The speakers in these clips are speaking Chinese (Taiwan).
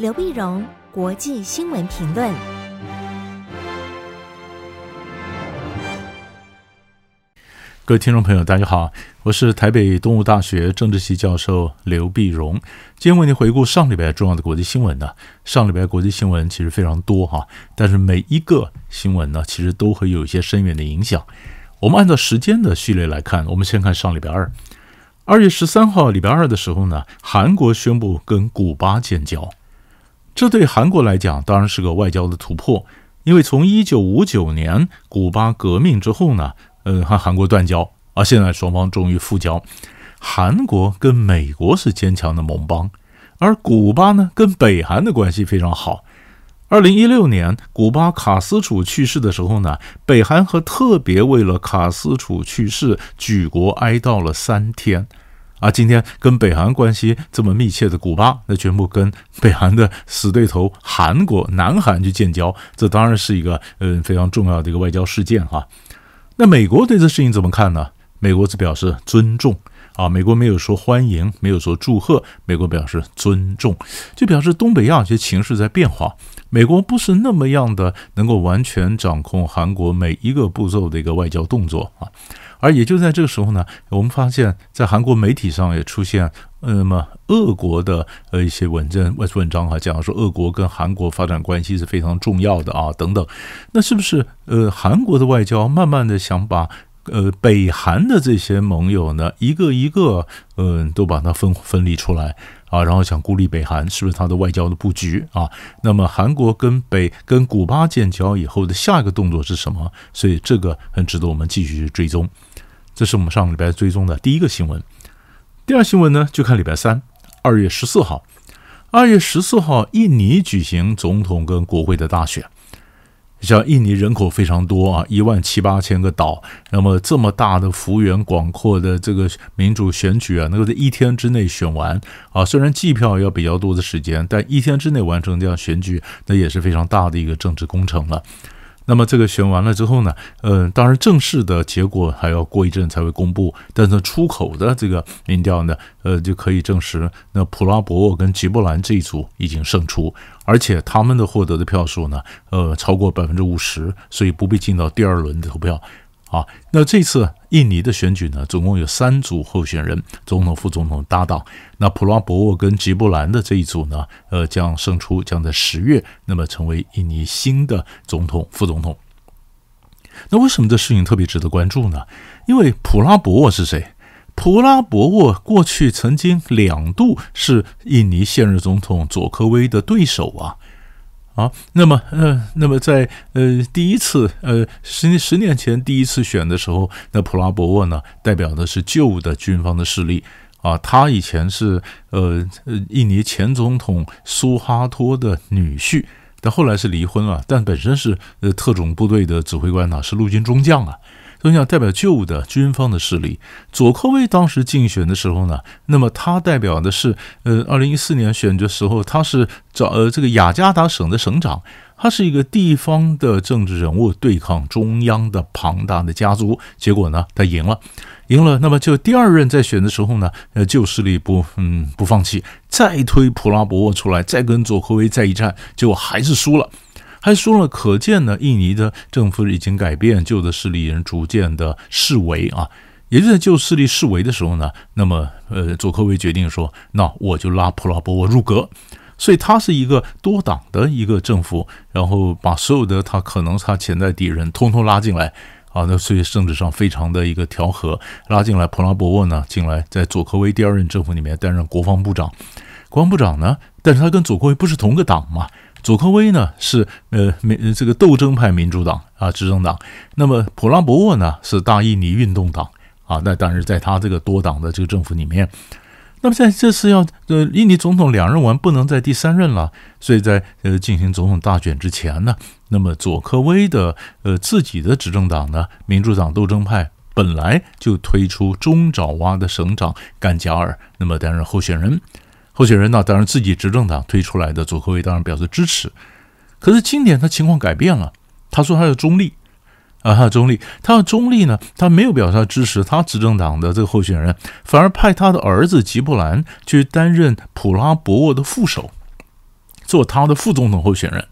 劉必榮，國際新聞評論。各位聽眾朋友，大家好，我是台北東吳大學政治系教授劉必榮。今天為您回顧上禮拜重要的國際新聞呢。上禮拜國際新聞其實非常多哈，但是每一個新聞呢，其實都會有一些深遠的影響。我們按照時間的序列來看，我們先看上禮拜二，二月十三號禮拜二的時候呢，韓國宣布跟古巴建交。這對韓國來講當然是個外交的突破，因為從一九五九年古巴革命之後呢，嗯、呃，和韓國斷交啊，現在雙方終於復交。韓國跟美國是堅強的盟邦，而古巴呢跟北韓的關係非常好。二零一六年古巴卡斯楚去世的時候呢，北韓和特別為了卡斯楚去世舉國哀悼了三天。啊，今天跟北韓關係這麼密切的古巴，那宣布跟北韓的死對頭韓國南韓去建交，這當然是一個嗯非常重要的一個外交事件哈。那美國對這事情怎麼看呢？美國只表示尊重。啊，美國沒有說歡迎，沒有說祝賀，美國表示尊重，就表示東北亞這些形勢在變化，美國不是那麼樣的能夠完全掌控韓國每一個步驟的一個外交動作啊。而也就在這個時候呢，我們發現，在韓國媒體上也出現那麼、呃、俄國的呃一些文政外文章哈、啊，講說俄國跟韓國發展關係是非常重要的啊等等。那是不是呃韓國的外交慢慢的想把？呃，北韓的這些盟友呢，一個一個，嗯，都把它分分離出來啊，然後想孤立北韓，是不是它的外交的布局啊？那麼韓國跟北跟古巴建交以後的下一個動作是什麼？所以這個很值得我們繼續去追蹤。這是我們上個禮拜追蹤的第一個新聞。第二新聞呢，就看禮拜三，二月十四號，二月十四號，印尼舉行總統跟國會的大選。像印尼人口非常多啊，一萬七八千個島，那麼這麼大的幅員廣闊的這個民主選舉啊，能夠在一天之內選完啊，雖然計票要比較多的時間，但一天之內完成這樣選舉，那也是非常大的一個政治工程了。那麼這個選完了之後呢，呃，當然正式的結果還要過一陣才會公布，但是出口的這個民調呢，呃，就可以證實，那普拉伯沃跟吉伯朗這一組已經勝出，而且他們的獲得的票數呢，呃，超過百分之五十，所以不必進到第二輪的投票。啊，那這次印尼的選舉呢，總共有三組候選人，總統、副總統搭檔。那普拉伯沃跟吉布蘭的這一組呢，呃，將勝出，將在十月那麼成為印尼新的總統、副總統。那為什麼這事情特別值得關注呢？因為普拉伯沃是誰？普拉伯沃過去曾經兩度是印尼現任總統佐科威的對手啊。好，啊，那麼，呃，那麼在呃第一次，呃十十年前第一次選的時候，那普拉博沃呢，代表的是舊的軍方的勢力啊，他以前是呃印尼、呃、前總統蘇哈托的女婿，但後來是離婚了，但本身是呃特種部隊的指揮官呢，啊，是陸軍中將啊。都以代表舊的軍方的勢力，佐科威當時競選的時候呢，那麼他代表的是呃，二零一四年選的時候他是找呃這個雅加達省的省長，他是一個地方的政治人物，對抗中央的龐大的家族，結果呢他贏了，贏了。那麼就第二任在選的時候呢，呃舊勢力不嗯不放棄，再推普拉伯沃出來，再跟佐科威再一戰，結果還是輸了。還說了，可見呢，印尼的政府已經改變，舊的勢力人逐漸的式微啊。也就是舊勢力式微的時候呢，那麼呃，佐科威決定說，那我就拉普拉伯沃入閣，所以他是一個多黨的一個政府，然後把所有的他可能是他潛在敵人通通拉進來啊。那所以政治上非常的一個調和，拉進來普拉伯沃呢進來，在佐科威第二任政府裡面擔任國防部長，國防部長呢，但是他跟佐科威不是同個黨嘛。佐科威呢是呃民這個鬥爭派民主黨啊執政黨，那麼普拉伯沃呢是大印尼運動黨啊，那當然在他這個多黨的這個政府裡面，那麼在這次要呃印尼總統兩任完不能再第三任了，所以在呃進行總統大選之前呢，那麼佐科威的呃自己的執政黨呢民主黨鬥爭派本來就推出中爪哇的省長甘加爾，那麼擔任候選人。候選人呢？當然，自己執政黨推出來的佐科威當然表示支持。可是今年他情況改變了，他說他是中立啊，他是中立。他要中立呢，他沒有表示他支持他執政黨的這個候選人，反而派他的兒子吉伯朗去擔任普拉伯沃的副手，做他的副總統候選人。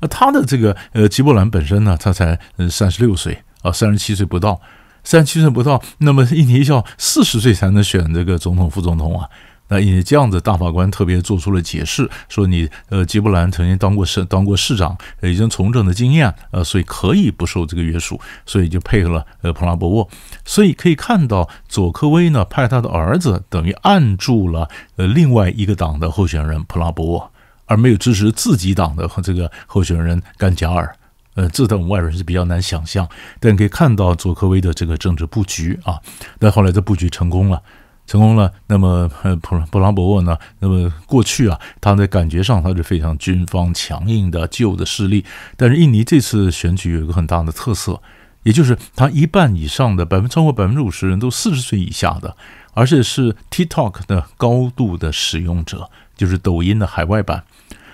而、啊、他的這個呃吉伯朗本身呢，他才嗯三十六歲啊，三十七歲不到，三十七歲不到，那麼印尼要四十歲才能選這個總統副總統啊。那也這樣子，大法官特別做出了解釋，說你呃，吉伯朗曾經當過市當過市長，已經從政的經驗，呃，所以可以不受這個約束，所以就配合了呃，普拉伯沃。所以可以看到，佐科威呢派他的兒子，等於按住了呃另外一個黨的候選人普拉伯沃，而沒有支持自己黨的和這個候選人甘賈爾。呃，這在我們外人是比較難想象，但可以看到佐科威的這個政治布局啊。但後來的布局成功了。成功了。那麼，普普拉伯沃呢？那麼過去啊，他在感覺上他是非常軍方強硬的舊的勢力。但是印尼這次選舉有一個很大的特色，也就是他一半以上的百分超過百分之五十人都四十歲以下的，而且是 TikTok 的高度的使用者，就是抖音的海外版。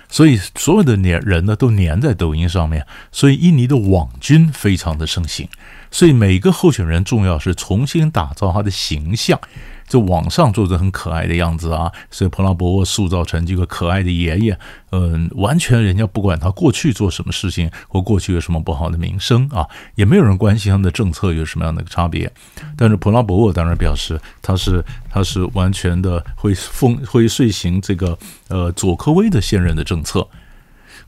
所以所有的年人呢都粘在抖音上面，所以印尼的網軍非常的盛行。所以每個候選人重要是重新打造他的形象。就網上做的很可愛的樣子啊，所以普拉伯沃塑造成這個可愛的爺爺，嗯、呃，完全人家不管他過去做什麼事情，或過去有什麼不好的名聲啊，也沒有人關心他們的政策有什麼樣的差別。但是普拉伯沃當然表示他是，他是完全的會奉會實行這個呃佐科威的現任的政策。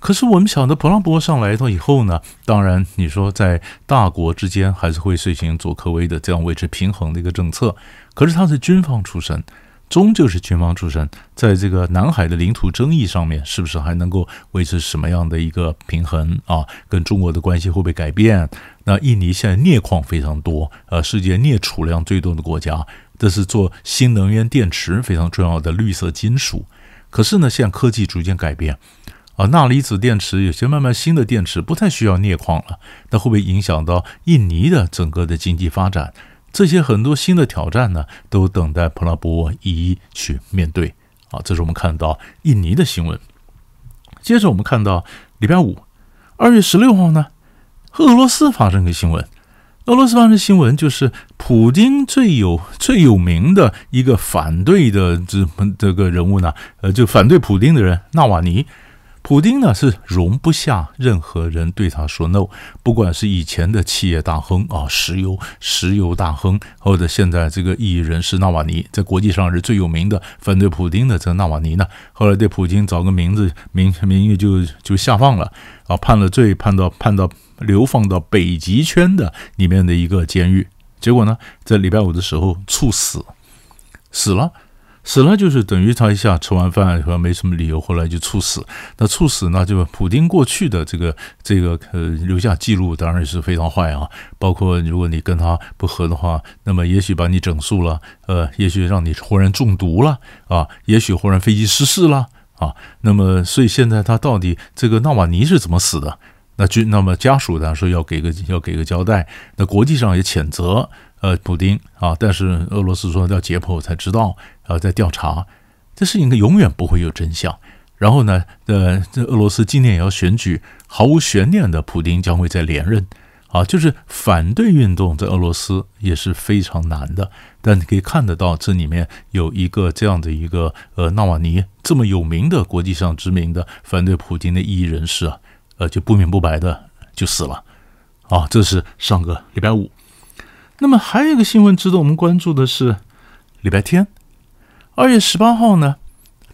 可是我們想的普拉伯沃上來到以後呢，當然你說在大國之間還是會實行佐科威的這樣維持平衡的一個政策。可是他是軍方出身，終究是軍方出身，在這個南海的領土爭議上面，是不是還能夠維持什麼樣的一個平衡啊？跟中國的關係會不會改變？那印尼現在鎳礦非常多，呃、啊，世界鎳儲量最多的國家，這是做新能源電池非常重要的綠色金屬。可是呢，現在科技逐漸改變，啊，鈉離子電池有些慢慢新的電池不太需要鎳礦了，那會不會影響到印尼的整個的經濟發展？這些很多新的挑戰呢，都等待普拉伯沃一一去面對啊。這是我們看到印尼的新聞。接着我們看到禮拜五，二月十六號呢，和俄羅斯發生個新聞。俄羅斯發生新聞就是，普丁最有最有名的一個反對的這這個人物呢，呃，就反對普丁的人，納瓦尼。普丁呢是容不下任何人對他說 no，不管是以前的企業大亨啊，石油石油大亨，或者現在這個異議人士納瓦尼，在國際上是最有名的反對普丁的這納瓦尼呢，後來對普京找個名字名名譽就就下放了啊，判了罪，判到判到，判到流放到北極圈的裡面的一個監獄，結果呢，在禮拜五的時候猝死，死了。死了就是等於他一下吃完飯，說沒什麼理由，後來就猝死。那猝死呢，那就普丁過去的這個這個呃留下記錄，當然也是非常壞啊。包括如果你跟他不和的話，那麼也許把你整肅了，呃，也許讓你忽然中毒了啊，也許忽然飛機失事了啊。那麼，所以現在他到底這個納瓦尼是怎麼死的？那就那麼家屬當然說要給個要給個交代，那國際上也譴責。呃，普丁啊，但是俄羅斯說要解剖才知道，啊、呃，在調查，這事情永遠不會有真相。然後呢，呃，這俄羅斯今年也要選舉，毫無懸念的普丁將會再連任。啊，就是反對運動在俄羅斯也是非常難的。但你可以看得到，這裡面有一個這樣的一個呃，納瓦尼這麼有名的國際上知名的反對普京的異議人士，啊，呃，就不明不白的就死了。啊，這是上個禮拜五。那麼還有一個新聞值得我們關注的是，禮拜天，二月十八號呢，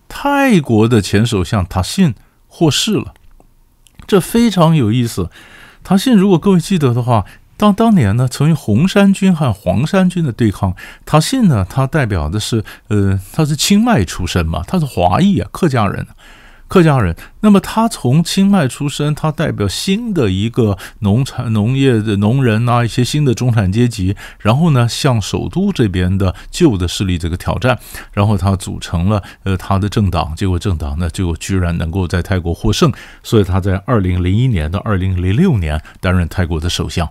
泰國的前首相塔信獲釋了，這非常有意思。塔信，如果各位記得的話，當當年呢，從紅衫軍和黃衫軍的對抗，塔信呢，他代表的是，呃，他是清邁出身嘛，他是華裔啊，客家人啊。客家人，那麼他從清邁出生，他代表新的一個農產農業的農人啊，一些新的中產階級，然後呢，向首都這邊的舊的勢力這個挑戰，然後他組成了呃他的政黨，結果政黨呢就居然能夠在泰國獲勝，所以他在二零零一年到二零零六年擔任泰國的首相。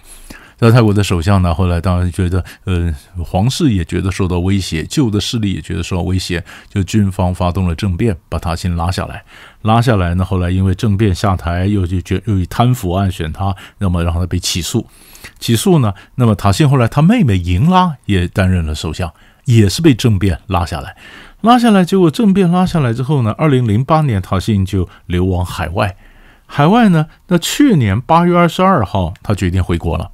那泰國的首相呢，後來當然覺得，呃，皇室也覺得受到威脅，舊的勢力也覺得受到威脅，就軍方發動了政變，把塔信拉下來。拉下來呢，後來因為政變下台，又就又，又以貪腐案選他，那麼然後他被起訴，起訴呢，那麼塔信後來他妹妹盈拉也擔任了首相，也是被政變拉下來，拉下來。結果政變拉下來之後呢，二零零八年塔信就流亡海外，海外呢，那去年八月二十二號他決定回國了。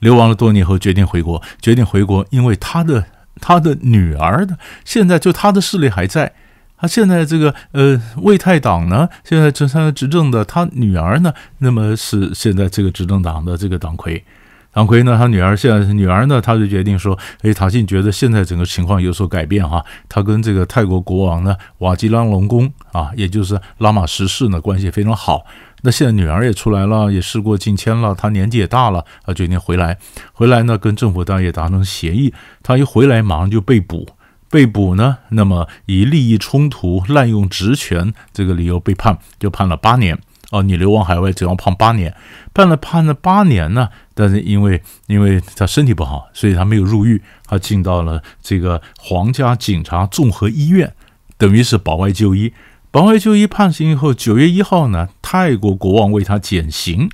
流亡了多年後，決定回國。決定回國，因為他的他的女兒呢，現在就他的勢力還在。他現在這個呃，為泰黨呢，現在正現在執政的他女兒呢，那麼是現在這個執政黨的這個黨魁。黨魁呢，他女兒現在女兒呢，他就決定說，哎，塔信覺得現在整個情況有所改變哈、啊。他跟這個泰國國王呢，瓦吉拉隆功啊，也就是拉瑪十世呢，關係非常好。那現在女兒也出來了，也事過境遷了，他年紀也大了，他決定回來。回來呢，跟政府當然也達成協議。他一回來，馬上就被捕。被捕呢，那麼以利益衝突、濫用職權這個理由被判，就判了八年。哦、啊，你流亡海外，只要判八年。判了判了八年呢，但是因為因為他身體不好，所以他沒有入獄，他進到了這個皇家警察綜合醫院，等於是保外就醫。保外就醫判刑以後，九月一號呢，泰國國王為他減刑。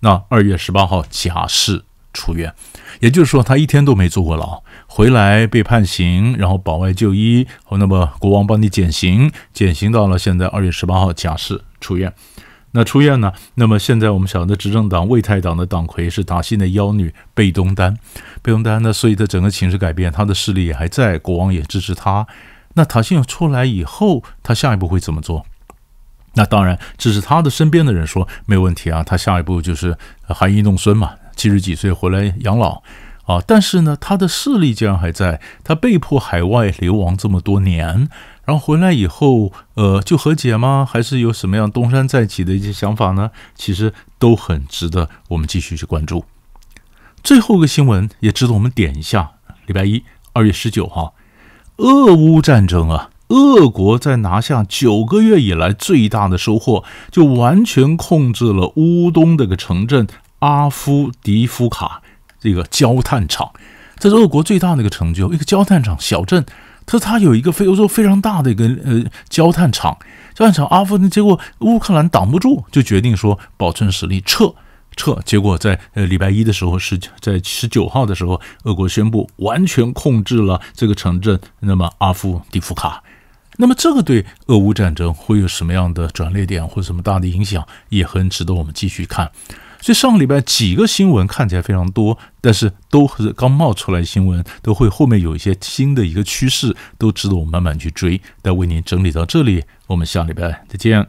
那二月十八號假釋出院，也就是說他一天都沒坐過牢。回來被判刑，然後保外就醫，哦，那麼國王幫你減刑，減刑到了現在二月十八號假釋出院。那出院呢？那麼現在我們曉得執政黨為泰黨的黨魁是塔信的幺女貝東丹。貝東丹呢，所以她整個情勢改變，她的勢力也還在，國王也支持她。那塔信出來以後，他下一步會怎麼做？那當然，這是他的身邊的人說沒有問題啊。他下一步就是含飴弄孫嘛，七十幾歲回來養老啊。但是呢，他的勢力竟然還在，他被迫海外流亡這麼多年，然後回來以後，呃，就和解嗎？還是有什麼樣東山再起的一些想法呢？其實都很值得我們繼續去關注。最後一個新聞也值得我們點一下：禮拜一，二月十九號。俄烏戰爭啊，俄國在拿下九個月以來最大的收穫，就完全控制了烏東這個城鎮阿夫迪夫卡這個焦炭廠。這是俄國最大的一個成就，一個焦炭廠小鎮，它它有一個非歐洲非常大的一個呃焦炭廠，焦炭廠阿夫，結果烏克蘭擋不住，就決定說保存實力撤。撤，結果在呃禮拜一的時候，是在十九號的時候，俄國宣布完全控制了這個城鎮。那麼阿夫迪夫卡，那麼這個對俄烏戰爭會有什麼樣的轉捩點，或者什麼大的影響，也很值得我們繼續看。所以上個禮拜幾個新聞看起來非常多，但是都是剛冒出來新聞，都會後面有一些新的一個趨勢，都值得我們慢慢去追。但為您整理到這裡，我們下禮拜再見。